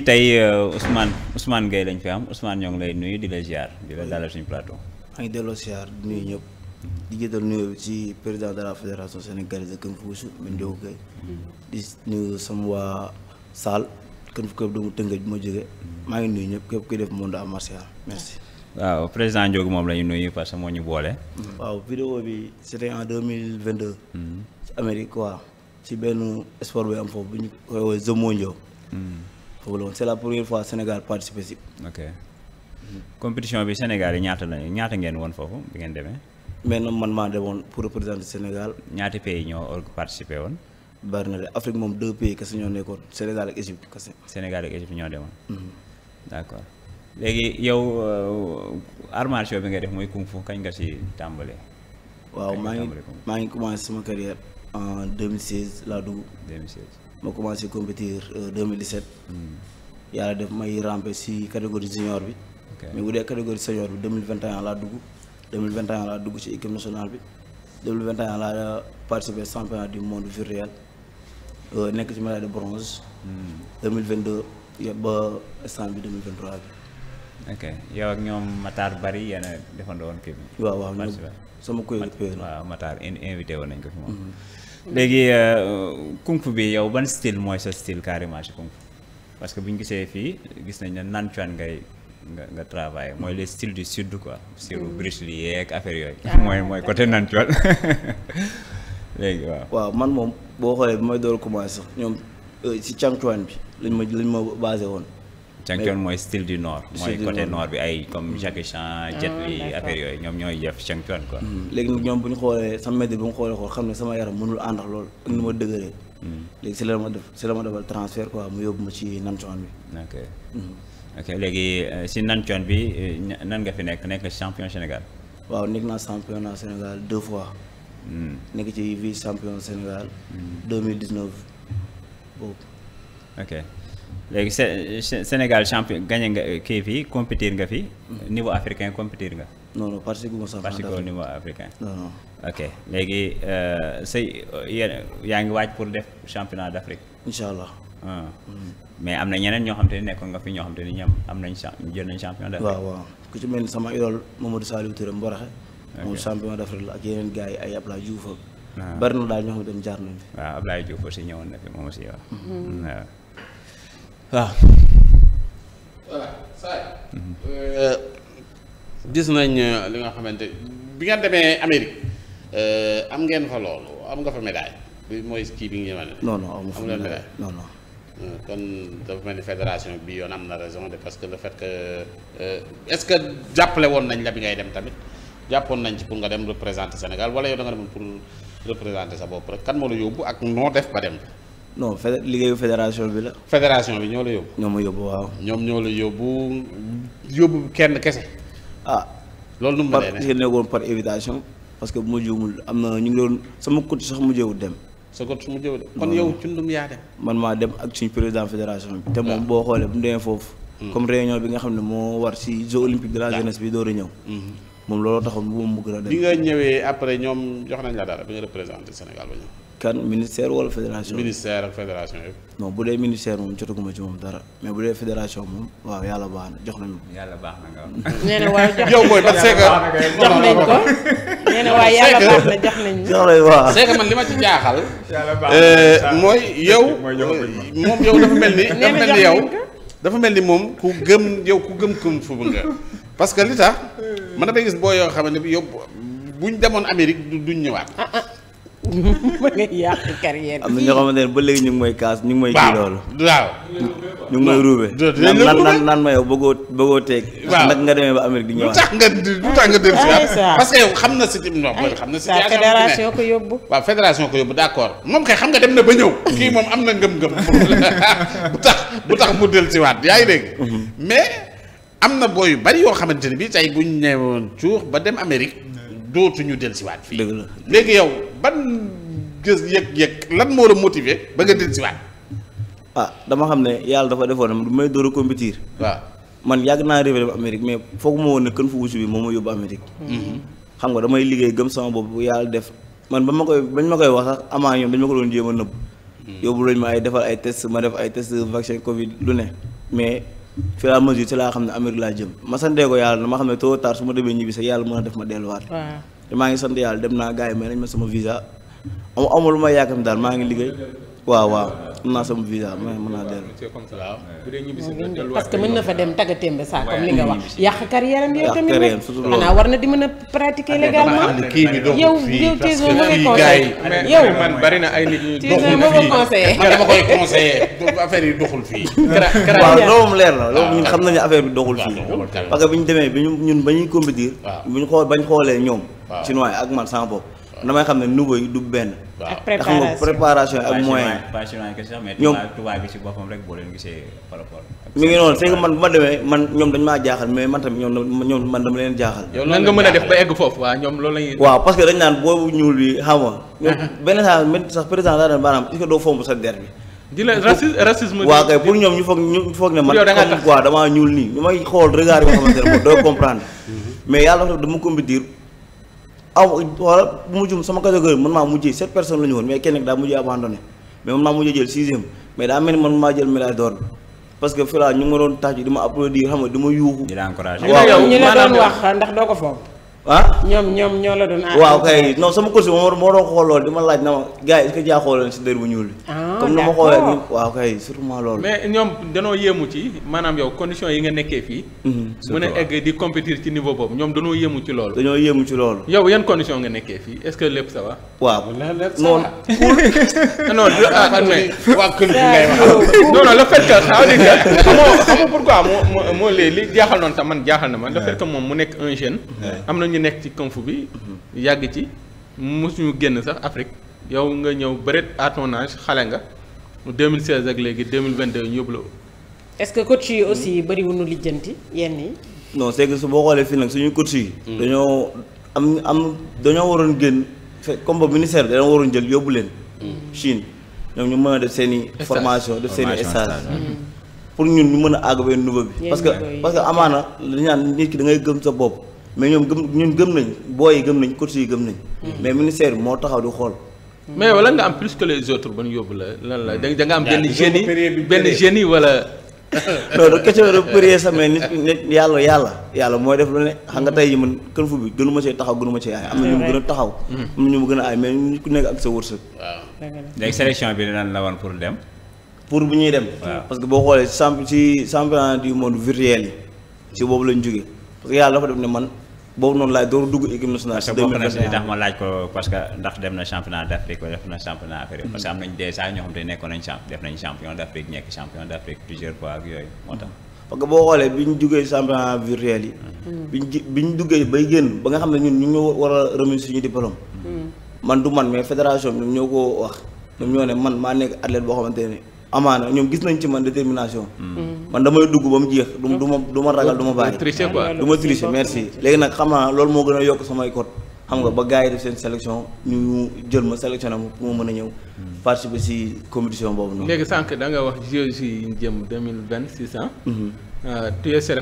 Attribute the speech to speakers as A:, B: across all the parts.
A: tey euh, Ousmane Ousmane Gueye lañ fi am Ousmane ñoo ngi lay nuyu di la ziar di la dalal suñu plateau.
B: maa ngi delloo ziar di nuyu ñëpp di jëtal nuyu ci président de la fédération sénégalaise de Kung Fu Siteu Ndiogou di nuyu sama waa Saal kën Fu Club doomu Tëngéej bi ma jógee maa ngi nuyu ñëpp képp kuy def monde à martial merci.
A: waaw président Ndiogou moom la ñu nuyu parce que moo ñu boole.
B: waaw vidéo bi c'était en deux mille vingt deux. Hmm. ci Amérique quoi benn sport bi am foofu bu ñu koy woowee Zomondio. wala woon c'est la première fois Sénégal participer si. ok compétition bi Sénégal yi ñaata la ñaata
A: ngeen woon foofu bi ngeen demee. mais noonu man maa demoon pour représenter Sénégal. ñaata pays ñoo participé woon. bari na de Afrique moom deux pays kese ñoo nekkoon Sénégal ak Égypte kese. Sénégal ak Égypte ñoo demoon. Mhm. d'accord léegi yow euh, art bi ngay def mooy kung fu kañ nga si tàmbalee.
B: waaw maa ngi maa ngi commencé sama carrière en 2016 laa dugg. 2016. ma commencé compétir 2017. Euh, hmm. yàlla def may ramper si catégorie junior bi. mais bu dee catégorie senior bi 2021 laa dugg 2021 laa dugg ci équipe nationale bi 2021 laa euh, participé championnat du monde virtuel euh, nekk ci médaille de bronze. 2022 hmm. ba instant bi 2023
A: bi. yow ak ñoom Matar Bari yéen a defandoo woon kii bi. waaw waaw sama kuréel waaw Matar invité woon nañ ko fi moom. Hmm. léegi euh, kung fu bi yow ban style mooy sa style carrément ci kung parce que bu ñu gisee fii gis nañ ne nancuan ngay nga nga travail mooy les styles du sud quoi style mm. Bruce Lee yeeg affaire yooyu. Ah, mooy mooy côté nancuan
B: léegi waaw. man moom boo xoolee bi may door commencé sax ñoom euh, ci cangcuan bi lañ ma lañ ma basé woon. Chankyon
A: mooy style du nord. mooy côté nord bi ay comme mm. Jackie Chan. Ah, jet li affaire yooyu ñoom ñooy def Chankyon quoi. Mm. léegi
B: ñoom bu ñu xoolee sama météo bu mu xoolee xool xam ne sama yaram mënul ànd ak loolu ak ni ma dëgëree. Mm. léegi si la ma def si la ma defal transfert quoi mu yóbbu ma ci Nanchon bi.
A: ok léegi euh, si Nanchon bi euh, nan nga fi nekk nekk champion Sénégal.
B: waaw nekk naa championnat Sénégal deux fois. nekk ci vice champion Sénégal. deux mille dix neuf léegi
A: Sénégal champion gagné nga euh, kii fii compétir nga fi. niveau africain compétir nga. noonu non parce que parce que au niveau africain. non non ok léegi euh, say euh, yéen yaa ngi waaj pour def championnat d' Afrique. incha allah. Ah. Mm. mais am na ñeneen ñoo xam ne nekkoon nga fi ñoo xam te ni ñoom am nañ champ jël nañ champion d' Afrique.
B: waaw waaw sama idole Mamadou Saliou Touré Mboraxe. ok moom champion d' Afrique la ak yeneen gars yi ay Ablaye Diouf ak. Ah. bari na daal ñoo xam ne jaar nañ fi. waaw Ablaye Diouf aussi ñëwoon na fi moom aussi waaw. Mm-hmm. Mm, waaw.
C: voilà Saay. Euh, gis nañ euh, li nga xamante bi nga demee Amérique euh, am ngeen fa loolu am nga fa médaille bi mooy kii bi ngeen mën noonu non amu fa médaille kon dafa mel ni fédération bi yoon am na raison de parce que le fait que est-ce que jàppale woon nañ la bi ngay dem tamit jàppoon nañ ci pour nga dem représenter Sénégal wala yow da nga pour représenter sa bopp rek kan moo la yóbbu ak noo def ba dem. non fé liggéeyu fédération bi la. fédération bi ñoo la yóbbu. ñoo ma yóbbu waaw. ñoom ñoo la yóbbu yóbbu kenn kese. ah. loolu nu mu
B: par si nekkoon par évitation parce que bu ma juumul am na ñu ngi doon sama côté sax mu jëwu dem.
C: sa côté mu jëwu dem. kon yow cundum yaa dem.
B: man maa dem ak suñu président fédération bi. te ah. moom boo xoolee bu mu demee foofu. Hmm. comme réunion bi nga xam ne moo war si jeux olympique de la ah. jeunesse bi door a ñëw. Hmm. moom looloo taxoon bu ma bëgg a dem. bi nga
C: ñëwee jox nañ la dara bi kan ministère wala fédération. ministère ak fédération yëpp.
B: non bu dee ministère moom jotaguma ci moom dara mais bu dee fédération moom waaw yàlla baax na jox nañu ko. yàlla baax na
C: nga yow mooy parce na waaye yàlla ma jaaxal. yàlla euh, yow. moom dafa mel ni. moom ku gëm yow ku gëm këm fu nga parce que li tax man damay gis boo yoo xam ne yow buñ demoon Amérique duñ ñëwaat. Ah,
D: ah. ma ngay yàq carrière am
C: ba léegi ñu mooy kaas ñu ngi mooy kii loolu waaw ñu ngi mooy ruube naan naan
B: naan ma yow bëggoo bëggoo teeg waaw nag nga demee ba Amérique di ñëwaat lu nga lu
A: tax
C: nga xam na si non xam na si fédération ko yóbbu waaw fédération ko yóbbu d'accord moom kay xam nga dem na ba ñëw kii moom am na ngëm-ngëm bu tax bu tax mu del si waat yaa ngi dégg mhm. mais am na booy yu bari yoo xamante ne bii tey bu ñu newoon cuux ba dem Amérique dootuñu dellusiwaat fii. dëgg la léegi yow ban gës yëg-yëg lan moo la motiver ba nga dellu si waat. ah dama xam ne yàlla dafa defoon du may
B: door a compétir. waaw man yàgg naa rêvé dem Amérique mais foog ma woon ne kën fu wusu bi moom ma yóbbu Amérique. Mm-hmm. xam nga damay liggéey gëm sama bopp yàlla def man ba ma koy bañ ma koy wax sax amaa ñoom dañ ko doon jéem a nëbb. Mm-hmm. yóbbu lañ ma ay test ma ay test vaccin Covid lu ne mais. laa mesure ci laa xam ne Amérique laa jëm ma yàlla na ma xam ne tôt ou su ma demee ñibbi sax yàlla mën a def ma delluwaat. maa ngi sant yàlla dem naa gars yi may nañ ma sama visa am amul ma yaakam daal maa ngi liggéey waaw waaw am naa sama visa ma mën naa dellu
D: parce que mën na fa dem tagga témbe saa comme li nga wax yàq carrière am yow war na di mën a pratiquer légalement yow yow teeso mauvais conseil yow bari na
C: ay nit ñu yi doxul fii waaw loolu moom leer na
B: loolu ñun xam nañu affaire bi doxul fii parce bi ñu demee bi ñu ñun ba ñuy compétir bu ñu xool bañ xoolee ñoom chinois ak man sama bopp. damay xam ne niveau yi du benn. ak préparation ak préparation ak moyen.
A: ñoom tubaab
B: ngi noonu c'est man bu ma demee man ñoom dañu maa jaaxal mais man tamit a
D: ba egg foofu waaw parce que dañ naan
B: boobu ñuul bi xam
D: benn saa sax
B: président daa doon maanaam est-ce doo fomb sa der bi.
D: di kay pour
B: ñoom ñu foog ñu foog ne man. yow da damaa ñuul nii ñu may xool regard bi nga xamante doo comprendre mais yàlla dama ko mbir aw wala bu ma jum sama catégorie man maa mujjee sept personnes la woon mais kenn nag daa mujjee abandonné mais man maa mujjee jël sixième mais daa mel man maa jël médaille d'or bi parce que fii laa ñu ma doon tàcc di ma applaudir xam nga di ma yuuxu. di la encouragé waaw ñi la doon wax
D: ndax doo ko foofu. ah ñoom ñoom ñoo la doon. waaw kay non
B: sama course bi moo doon xool loolu di ma laaj na ma gars yi est-ce que jaa xooloon si dër bu ñuul bi. Ah. am na ma ko weer waaw kay sûrement loolu.
D: mais ñoom danoo yéemu ci maanaam yow condition yi nga nekkee fii. mën mhm, a egg di compétir ci niveau boobu ñoom danoo yéemu ci loolu. dañoo yéemu ci loolu. yow yan condition nga nekkee fii est-ce que lépp ça va.
B: waaw non
D: ah, non non le fait que ça veut dire que xamoo xamoo pourquoi moo moo léegi li jaaxal noonu tam man jaaxal na ma le fait que moom mu nekk un jeune. am na ñu nekk ci kung fu bi mhm. yàgg ci mosuñu génn sax Afrique yow nga ñëw bëreet à ton âge xale nga 2016 ak léegi 2022 ñu yóbbu la. est-ce que coach yi aussi bëriwuñu lijjanti yenn yi. non c'est que su boo
B: xoolee fii nag suñu coach yi.
D: Hmm. dañoo
B: am am dañoo waroon génn fe comme ba ministère bi dañoo waroon jël yóbbu leen. Hmm. Chine ñoom ñu mën a def seen i. formation def seen i hmm. pour ñun ñu mën a àgg benn niveau bi. parce que parce que amaana dañu naan nit ki da ngay gëm sa bopp mais ñoom gëm ñun gëm nañ booy yi gëm nañ coach yi gëm nañ. mais ministère bi moo taxaw di xool.
D: mais wala nga am plus que les autres ba ñu yóbbu la lan la da nga am benn génie benn génie wala. non de question de prier
B: sax mais nit nit yàlla yàlla yàlla mooy def lu ne xam nga tey man kër fu bi gënuma see taxaw gënuma see aay am na ñu mu taxaw mm. am na ñu mu gën a aay mais nit ku nekk ak sa wërsëg waaw léegi sélection bi lan la woon pour dem pour bu ñuy dem parce que boo xoolee ci championnat du monde virtuel yi si boobu lañ jógee parce boobu noonu laay door dugg équipe nationale. si 2021 tax
A: ma laaj ko parce que ndax dem na championnat d' Afrique def na championnat afrique parce que am nañ déjà ñoo xam te nekkoon nañ champ def nañ champion d' Afrique plusieurs fois ak yooyu
B: moo tax. parce que boo xoolee bi ñu duggee championnat virtuel yi. Mm. bi ñu bi ñu duggee bay génn ba nga xam ne ñun ñu ñu war a remise suñu diplôme. Mm. man du man mais fédération bi ñoom ñoo wax ñoo man maa nekk athlète boo xamante amaana ñoom gis nañ ci man détermination. Mm. man damay dugg ba mu jeex. du ma du ma ragal du ma bàyyi. tricher quoi du ma tricher merci. léegi nag xam loolu moo gën a yokk samay code. xam nga ba gars yi def seen sélection ñu jël ma sélection am pour ma mën a ñëw. Mm. participer si compétition boobu noonu.
D: léegi sànq da nga wax JOJ yi ñu jëm deux mille vingt six ans. Mm-hmm. Euh, tu es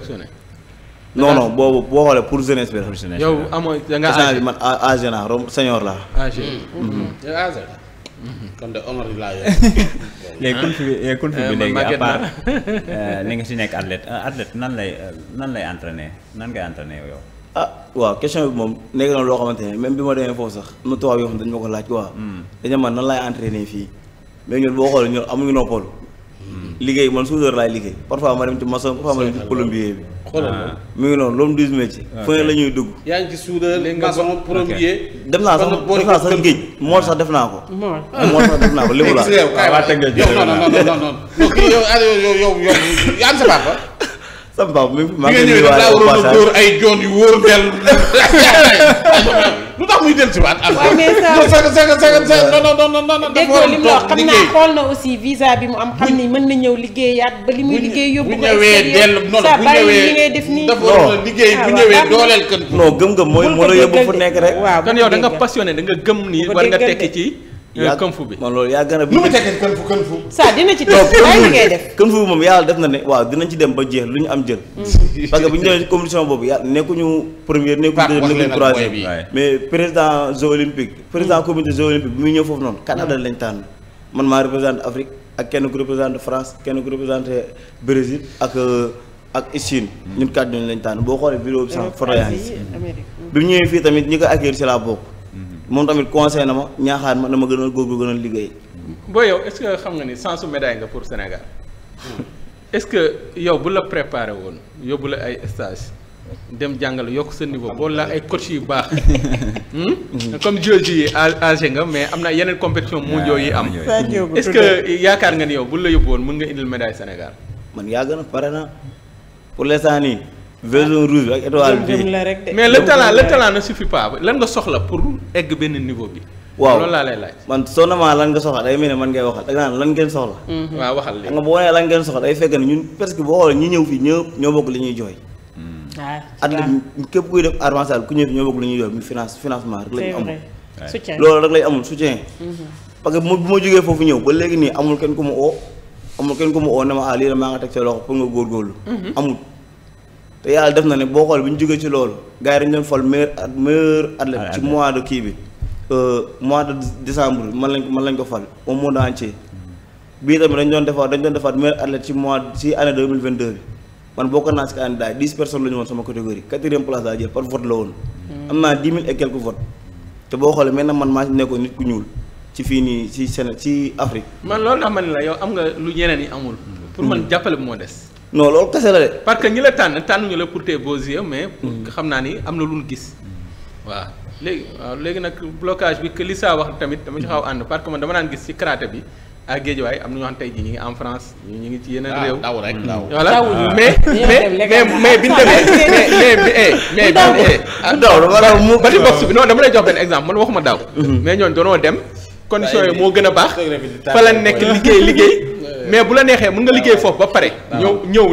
B: boobu boo xoolee pour jeunesse bi la. yow amoo da nga âgé bi man âgé naa rom senior laa.
C: Eh, léegi culture bi culture bi léegi à part eh, nga
B: si
A: nekk athlète eh, athlète nan lay nan lay entraîner nan ngay entraîner yow.
B: ah waaw question bi moom nekk na loo xamante ne même bi ma demee foofu sax am na tubaab dañ xam ma ko laaj waa hmm. dañu man nan laay entraîner fii mais ñun boo xoolee ñun amuñu noppalu. liggéey man soudeur laay liggéey parfois ma dem ci maçon parfois ma dem ci plombier bi. mu ah. ngi noonu loolu douze métiers. Ah, fu ne la ñuy dugg.
C: yaa ngi ci soudeur maçon plombier. dem naa sax def naa sax géej moo sax def naa ko. Ah. moo sax def naa ko
B: lépp laa. yow non non non non
C: yow yow yow yow yaa sa papa. sa papa mi maa ngi lay nuyuwaale bu baax ay joon yu wóor dellu lu tax muy del si waat am mais non non non non non li mu xam naa xool na aussi visa bi mu am xam ni mën na ñëw liggéeyaat ba li muy liggéey yóbbu ko ñëwee dellu non bu ñëwee def nii dafa waroon
D: liggéey ah, bu ñëwee dooleel kan non gëm-gëm mooy moo la yóbbu fu nekk rek waaw kon yow da nga passionné gëm ni war nga tekki ci Euh, yaa kën fu bi
B: man loolu yaa gën a. nu mu tekkee kën fu bi moom yàlla def na ne waaw dinañ ci dem ba jeex lu ñu am jël. Mm. parce que bu ñu demee condition boobu yàlla nekkuñu première nekkuñu deuxième nekkuñu troisième mais bi muy ñëw foofu noonu Canada lañ tànn man maa représente Afrique ak kenn ku représente France kenn ku représente Brésil ak euh, ak Chine. Mm. ñun kàddu ñu lañ tànn boo xoolee vidéo bi sax photo bi mu ñëwee fii tamit ñi ko accueillir si laa bokk moom tamit conseil na ma ñaaxaat ma dama gën a góorgóorlu gën a liggéey.
D: boo yow est-ce que xam nga ni sans su médaille nga pour Sénégal est-ce que yow bu la préparé woon yóbbu la ay stage dem jàngal yokk sa niveau boo la ay coach yu baax hmm? comme jooju yi âgé nga mais am na yeneen compétition mondiaux yi am ah, est-ce que yaakaar nga ni yow bu la yóbbu woon mën nga indil médaille Sénégal man yaa gën a pare na
B: pour l'instant nii version rouge bi ak étoile bi mais le talent le talent
D: ne suffit pas lan nga soxla pour egg benn niveau bi. waaw
B: man soo namaa lan nga soxla day mel ne man ngay waxal da lan ngeen soxla. Mm-hmm. Mm-hmm. waaw waxal léegi nga boo nee lan ngeen soxla day fekk ne ñun presque boo xoolee ñi ñëw fii ñëpp ñoo bokk li ñuy jooy. Mm-hmm. Ah, at la képp kuy def avancé ku ñëw fii ñoo bokk li ñuy jooy finance financement rek lañu amul. soutien loolu rek lañu amul parce que bu ma jógee foofu ñëw ba léegi nii amul kenn ko ma oo amul kenn ku ma oo ne ma ah lii la maa nga teg te yàlla def na ne boo xool bi ñu jógee ci loolu gars yi dañu doon fal meilleur at meilleur athlète ci mois de kii bi euh, mois de décembre man man lañ ko fal au monde entier bii tamit dañ doon defaat dañ doon defaat meilleur athlète ci mois ci année 2022 bi man bokk naa si candidat yi dix personnes la ñu woon sama catégorie quatrième place laa jël par vote la woon hmm. am naa dix mille et quelques votes te boo xoolee na man maa ci nekkoon nit ku ñuul ci fii nii ci Sénégal
D: ci man loolu tax ma yow am nga lu ñeneen yi amul pour man hmm. jàppale moo des non loolu parce que ñi la tànn tànnuñu la pour tes beaux yeux mais. Mm. xam naa ni am na lu ñu gis. Mm. waaw léegi waaw léegi nag blocage bi que li saa wax tamit dama ci xaw ànd parce que man dama daan gis ci karaté bi. à Guédiawaye am na ñoo xam tey jii ñu ngi en France ñu ngi ci yeneen ah, réew. daaw rek mm. daaw voilà mais mais mais bi ñu demee mais mais mais daaw ba di box bi non dama lay jox benn exemple man waxuma daaw. Mm-hmm. mais ñooñu doonoo dem. condition yi moo gën a baax. fa la nekk liggéey liggéey. mais bu la neexee mën nga liggéey foofu ba pare. Ah. ñëw ñëw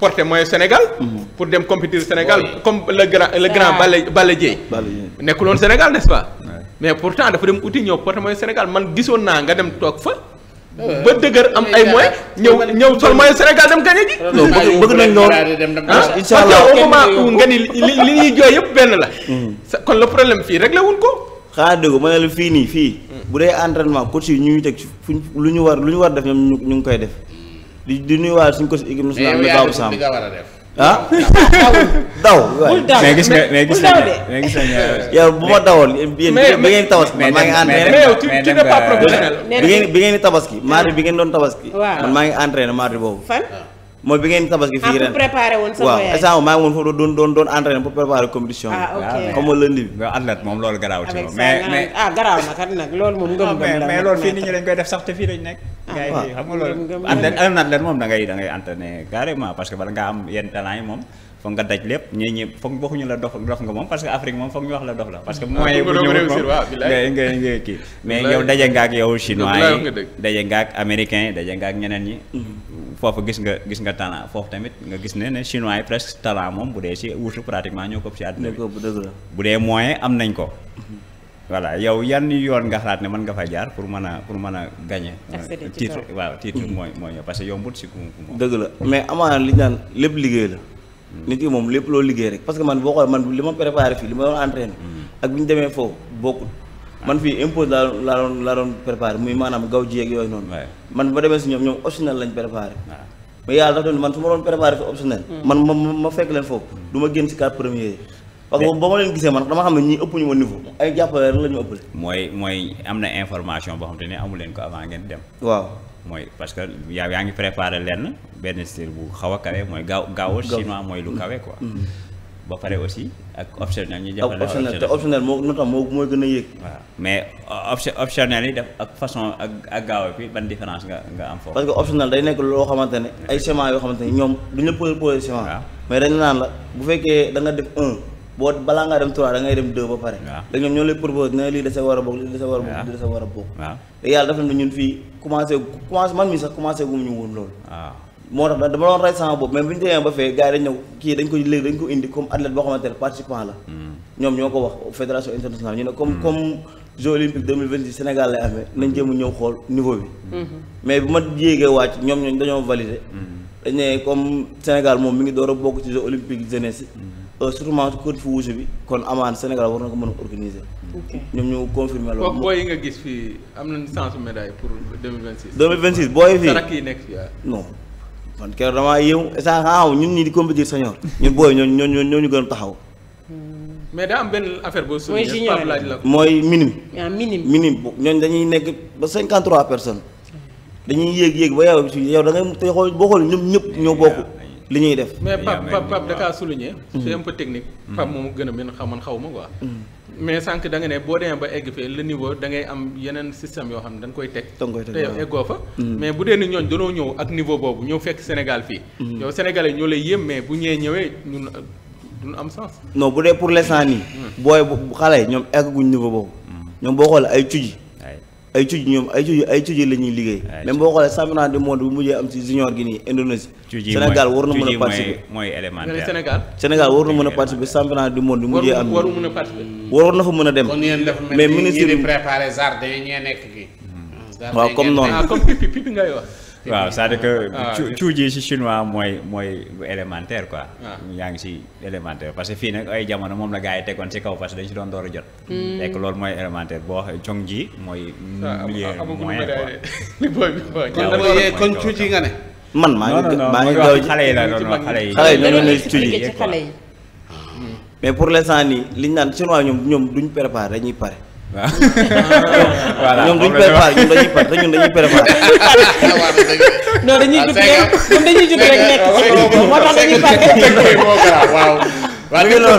D: porter mooy Sénégal. Mhm. pour dem compétir Sénégal comme le grand le grand Balla Balla Dieye. nekkul woon Sénégal n'est-ce pas. mais pourtant dafa dem uti ñëw porter mooy Sénégal man gisoon naa nga dem toog fa. ba dëgër am ay moyens ñëw ñëw sol moyen Sénégal dem gagné ji. bëgg nañ loolu ah? incha allah parce que au moment où nga ni li li ñuy jooy yëpp benn la. Mm.
B: kon le problème fii réglé wuñ ko. xaaral dëgg ma ne la fii nii fii. bu dee entraînement coach yi ñu ngi teg fuñ lu ñu war lu ñu war def ñoom ñu ñu ngi koy def di di nuyuwaale suñu suñ ko si bi Babou Samb ah daw waay mais gis nga mais gis nga mais gis nga yow bu ma dawoon yéen bi ngeen tabaski man maa ngi entraîné tu n'es pas professionnel bi ngeen bi ngeen tabaski mardi bi ngeen doon tabaski
D: man maa ngi
B: entraîné mardi boobu fan ah. mooy bi ngeen tabaski fii ah, ren
D: préparé woon sa voyage waaw instant
B: maa ngi ah, ah, moom loolu nga loolu athlète un
A: athlète moom da ngay da ngay entraîné carrément parce que bala nga am yenn talent yi moom. foog nga daj lépp ñii ñi foog waxuñu la dof dof nga kii mais yow daje nga ak yow chinois yi daje nga ak américain daje nga ak ñeneen ñi mm-hmm. foofu gis nga gis nga talent foofu tamit nga gis ne ne chinois yi presque talent moom bu dee si wuusu pratiquement ñoo ko si àdduna bi bu dee moyen am nañ ko mhm. voilà yow yan yoon nga xalaat ne man nga fa jaar pour man a pour mën a
B: gagné titre waaw titre mhm. mooy mooy ñëw parce que yombut si ku moom dëgg la mais amaana li ñu lépp liggéey la mhm. nit ki moom lépp loo liggéey rek parce que man boo xoolee man li ma préparé fii li ma doon entraîné ak bi ñu demee foofu bokkul man fii impose laa laa doon laa doon préparé muy maanaam gaaw ji yeeg yooyu noonu. man ba demee si ñoom ñoom optionnel lañ préparé. man su ma doon préparé fi optionnel. Mm. man ma ma fekk leen foofu du ma génn si quatre premiers yi. parce que ba ma leen gisee man dama xam ne ñii ëpp ñu ma niveau ay jàppale rek la ñu ëppale.
A: mooy mooy am na information boo xam te ne amu leen ko avant ngeen dem. waaw mooy parce que yaa yaa ngi préparé lenn benn style bu xaw a kawe mooy gaaw gaaw chinois mooy lu kawe quoi. Mm-hmm. ba pare aussi ak optionnel ñu jàppale te
B: optionnel moo notam moo mooy gën a yéeg
A: waaw euh, yi def ak façon ak ak gaaw bi ban différence nga nga am foofu parce que
B: optionnel day nekk loo xamante ne ay schéma yoo xamante ne ñoom duñu la posé posé schéma mais dañu naan la bu fekkee da nga def un boo balaa ngaa dem trois da ngay dem deux ba pare da ñoo lay proposé ne lii da war a bokk lii da war a bokk lii da war a bokk waaw te yàlla def na ñun fii commencé commencé man mi sax commencé gum ñu woon loolu waaw moo tax dama doon rey sama bopp mais bu ñu demee ba fee gars yi dañ ñëw kii dañ ko léegi dañ ko indi comme athlète boo xamante participant la hmm. ñoom ñoo ko wax fédération internationale ñu ne comme hmm. comme jeux olympiques 2026 Sénégal lay amee nañ jéem a ñëw xool niveau bi hmm. mais bu ma yéegee wàcc ñoom ñooñ dañoo validé dañ ne comme Sénégal moom mi ngi door a bokk ci jeux olympiques jeunesse yi euh, surtout côte fu wuusu bi kon amaan Sénégal war na ko mën a organiser. ñoom ñu confirmé loolu. booy
D: yi nga gis fii am nañu chance médaille pour 2026. 2026 booy yi fii tarak yi nekk fii ah.
B: non man keroog damaa yéemu ça xaaw ah, ñun ñi di compétir senior ñun booy ñoo ñoo ñoo ñu gën taxaw. Hmm.
D: mais daa am benn affaire boo. mooy junior laaj
B: mooy minime. waaw ah, minime minime dañuy nekk ba cinquante trois personnes. dañuy yéeg yéeg ba yow yow da ngay xool boo xool ñoom ñëpp ñoo bokk. li ñuy def. mais Pape Pape
D: Pape da kaa souligné. c'est technique. Mm-hmm. Pape moom gën a mën xaw man xaw ma quoi. Mm-hmm. mais sànq da nga ne boo demee ba egg fee le niveau da ngay am yeneen système yoo xam ne dañ koy teg. da koy teg te eggoo fa. Mm-hmm. mais bu dee ni ñooñ dañoo ñëw ak niveau boobu ñëw fekk Sénégal fii. yow sénégalais ñoo lay yéem mais bu ñëwee ñëwee ñun duñ am sens.
B: no bu dee pour le l'instant nii. booy bu xale ñoom egguñ niveau boobu. ñoom boo xoolee ay cuji ay cuj ñoom ay cuj ay cuj la ñuy liggéey. Ah, même boo xoolee championnat du monde bu mujjee am ci junior gi nii Indonésie. Sénégal war na mën a participer mooy élémentaire Sénégal. Sénégal war na mën a participer championnat du monde na fa mën
A: a dem. mais ministre yi
C: préparé jardin ñee nekk gi. waaw comme noonu.
A: waaw c'est-à-dire que ah, cuujii si chinois mooy mooy élémentaire quoi ah. yaa ngi si élémentaire parce que fii nag ay jamono moom la gars yi tegoon ci kaw parce que dañ si doon door a jot hmm. fekk loolu mooy élémentaire boo waxee cong ji mooy ah, milieu
D: moyen kon cuuj yi nga ne man maa ngi maa xale yi la doon
B: xale yi xale yi ñoo ci cuuj yi mais pour le l'instant nii liñ naan chinois ñoom ñoom duñ préparé dañuy pare waaw
D: voilà ñoom duñ préparé ñun dañuy pare ñun dañuy ñoom dañuy
B: pare. waaw.
C: baax na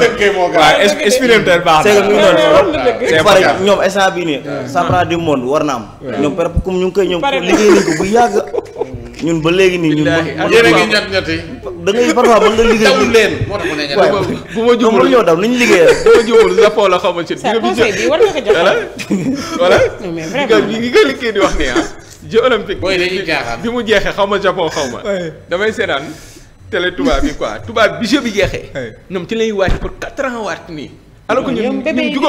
C: c'
B: ñoom instant bii nii. sabra du monde war na am. ñoom pare comme ñu ngi koy ñoom liggéey nañ ko bu yàgg. ñun ba léegi nii ñun. yéen a
C: ngi da
D: ngay parfois mën nga liggéey. tawul leen moo tax bu ma jubul ñoo daw ni ñu bu ma jubul Japon la xaw ma ci. bi nga ko jox voilà. mais vraiment gi nga liggéey di wax nii ah. bi mu jeexee xaw ma Japon xaw ma. damay seetaan télé tubaab bi quoi tubaab bi jeu bi jeexee. ñoom ci lay waaj pour quatre ans waat nii. alors que ñun ngi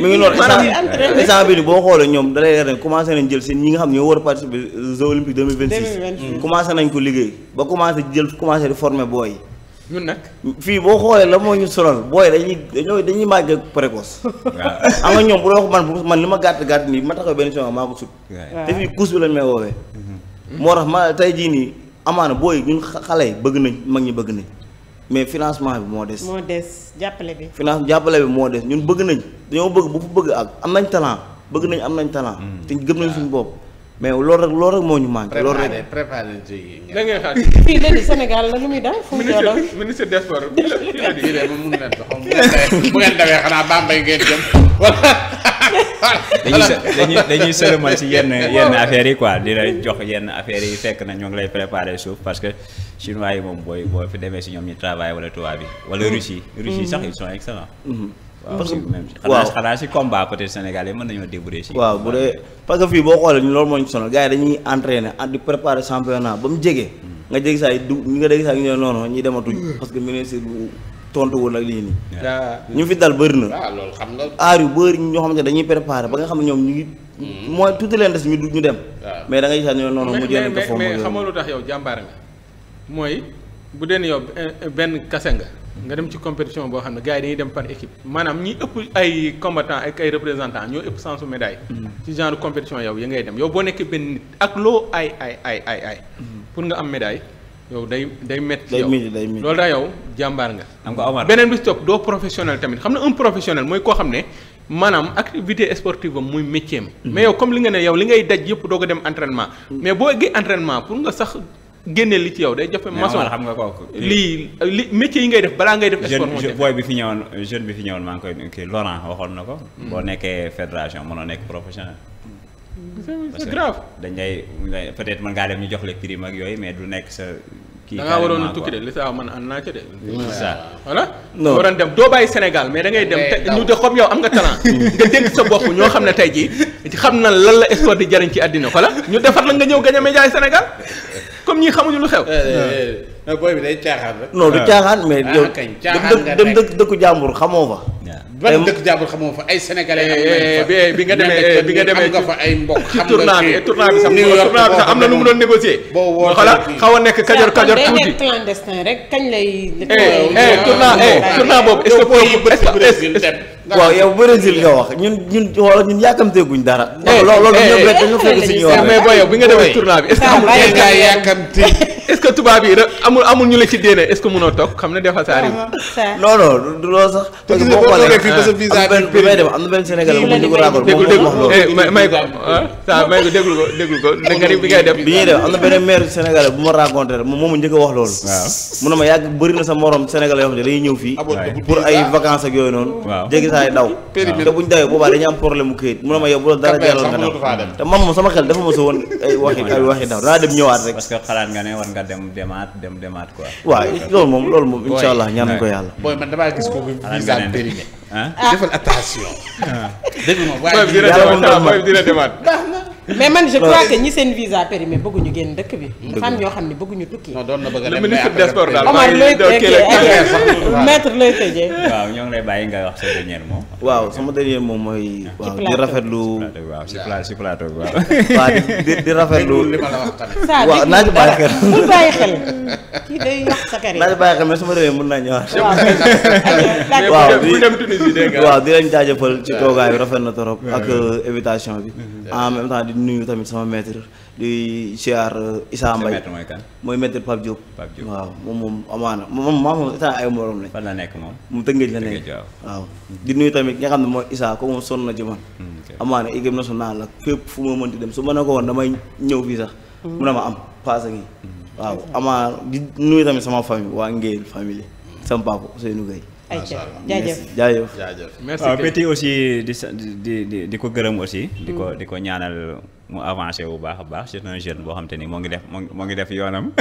D: noonu a
B: instant bii boo xoolee ñoom da lay leer ne commencé nañ jël seen ñi nga xam ñoo war a participer aux olympiques 2026 commencé nañ ko liggéey ba commencé jël commencé di former booy yi ñun fii boo xoolee la moo ñu sonal booy dañuy dañoo dañuy màgg ak précoce am nga ñoom bu la wax man man li ma gàtt gàtt nii ma taxaw benn sio maa ko sut te fii course bi lañ may woowee
A: mhm. moo tax
B: ma tey jii nii amaana booy ñun xale yi bëgg nañ mag ñi bëgg nañ mais financement bi moo des. moo
C: des jàppale bi.
B: finance jàppale bi moo des ñun bëgg nañ dañoo bëgg bu bëgg ak am nañ talent bëgg nañ am nañ talent. Hmm. te gëm nañ suñu bopp. mais loolu rek loolu rek moo ñu manqué. loolu rek
C: préparé da ngay xaar fii mu
D: ministre des sports bi la bi la di. mu ngi leen doxam
B: bu ngeen demee
C: xanaa Bambey ngeen jëm wala. dañuy dañuy sërëmal ci yenn yenn affaires
A: yi quoi di jox yenn affaires yi fekk na ñoo ngi lay préparé suuf parce que chinois yi moom booy boo fi demee si ñoom ñu travail wala tubaab yi wala mm. Russie. Russie sax mm. ils sont excellents.
C: Mm-hmm.
B: parce que waaw
A: xanaa si combat peut être sénégalais mën nañoo débrouiller si. waaw bu dee
B: parce que fii boo xoolee ñu loolu moo ñu sonal gars yi dañuy entraîner ah, di préparer championnat ba mu jege. Hmm. nga jege saa yi du nga dégg saa yi ñu ne non non hmm. parce que ministre bu tontu woon ak lii nii.
D: Ah. ñu fi bëri na. waaw ah, loolu xam nga.
B: aar yu bëri ñoo xamante ne dañuy préparer ba nga xam ne ñoom ñu ngi. Hmm. mooy tuuti leen du ñu dem. mais da ngay gis ne noonu mu jëlee. mais mais mais xamaloo
D: tax yow jàmbaar nga mooy bu dee ni yow eh, eh, benn kase nga nga dem ci compétition boo xam ne gars yi dañuy dem par équipe maanaam ñi ëpp ay combattant ak ay représentant ñoo ëpp sensu médaille mm-hmm. ci genre compétition yow ya ngay dem yow boo nekkee benn nit ak loo ay ay ay ay ay mm-hmm. pour nga am médaille yow day day métti yow loolu daa yow jàmbaar nga am nga Omar beneen bi topp doo professionnel tamit xam ne un professionnel mooy koo xam ne maanaam activité sportive am muy métier mm-hmm. mais yow comme li nga ne yow li ngay daj yëpp doo ko dem mais boo eggee entraînement nga sax génneel li ci yow day jafe maçon xam nga kooku lii li yi ngay def balaa ngay def sport
A: booy bi fi ñëwoon jeune bi fi ñëwoon maa ngi koy kii Laurent waxoon na ko hmm. boo nekkee fédération mënoo nekk professionnel c'est grave dañ lay peut-être mën ñu jox la prime ak yooyu mais du nekk sa kii da ngaa waroon a tukki de
D: li saa man an naa ca de. voilà waroon dem doo bàyyi Sénégal mais da ngay dem te ñu yow am nga talent. nga sa bopp ñoo xam ne tey jii xam na lan la sport di jariñ ci àddina voilà ñu defar la nga ñëw gañ a média Sénégal. comme ñi xamuñu lu xew. Eh, eh, eh. booy bi day caaxaan rek. non du ah. mais. Ah, dem
B: dëkk dëkku jàmbur xamoo fa. ban
D: dëkk jàmbur
C: fa ay sénégalais. bi nga demee bi nga demee nga ay mbokk. xam nga ci tournant
D: bi sax am na lu mu doon négocier. boo woo xaw a nekk kajoor kajoor tuuti. rek kañ lay. tournant tournant boobu est waaw yow
B: Brésil nga wax ñun ñun wala ñun dara. Eh, eh, eh, bi nga demee tournoi bi
D: est-ce que ah, amul la ci déene est-ce que mënoo toog xam ne dafa saa ah, non non du loolu sax. parce que boo xoolee bu ma dugg raakool moom moo wax loolu. may ko ah may ma rencontré a wax loolu.
B: waaw mu ne ma yàgg bëri na sa morom Sénégalais yoo xam dañuy ñëw fii. pour ay vacances ak yooyu noonu. état yi daw dawee boobaa dañu am problème mu këyit mu ne ma yow dara jaraloon nga daw te man moom sama xel dafa ma sa woon
C: ay waxi daw danaa dem ñëwaat rek
B: xalaat nga ne war nga dem demaat dem demaat quoi
A: waaw loolu moom loolu moom insha allah ñaan ko yàlla
C: booy man nga ah. ah.
D: demaat mais man je crois que ñi seen visa périmé bëgguñu génn dëkk bi. dafa ñoo xam ni bëgguñu tukki. non doon na bëgg a des sports daal Omar looy tëjee maître looy tëjee. waaw
A: ñoo ngi lay bàyyi nga wax sa dernier mot. waaw
B: sama dernier mot mooy. waaw di rafetlu waaw si waaw. di rafet lu li ma la wax tamit. xel. mais su ma demee mën naa ñëwaat. waaw di waaw di leen jaajëfal ci toogaay rafet na trop ak euh, invitation bi en même temps di nuyu tamit sama metre di ziar uh, Issa Mbaye mooy kan mooy maître Pape Diop. Pape Diop waaw moom moom amaana moom maa moom état ay morom lañ. nekk moom mu tëngëj la nekk waaw. di nuyu tamit nga xam ne mooy Issa ko moom sonn na ci man. Hmm, amaana équipe nationale la fépp fu ma mënti dem su ma ne ko woon damay ñëw fii sax. Hmm. mu ne ma am paase gi. Hmm. waaw amaana di nuyu tamit sama famille waa Ngéyel famille sama papa Ousseynou macha allah jaajëf jaajëf jaajëf. Ah, merci waaw
A: aussi di di di ko gërëm aussi. di mm. ko di ko ñaanal. mu avancé bu baax a baax c'est un jeune boo xam te ni moo ngi def moo ngi def yoonam.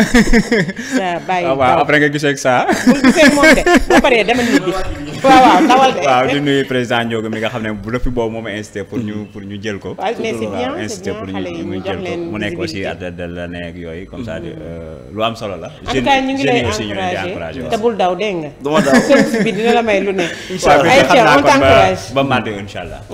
A: saa bàyyi ah, waaw après nga gisee ak saa. bu gisee moom de nga xam ne bu depuis boobu moo incité pour ñu pour ñu jël ko. mais c'est bien c'est bien xale mu nekk aussi at de la nekk yooyu comme ça mm-hmm. euh, lu am solo la. en tout cas ñu ngi lay encouragé te daw dégg duma daw service bi dina la may lu ne.
D: incha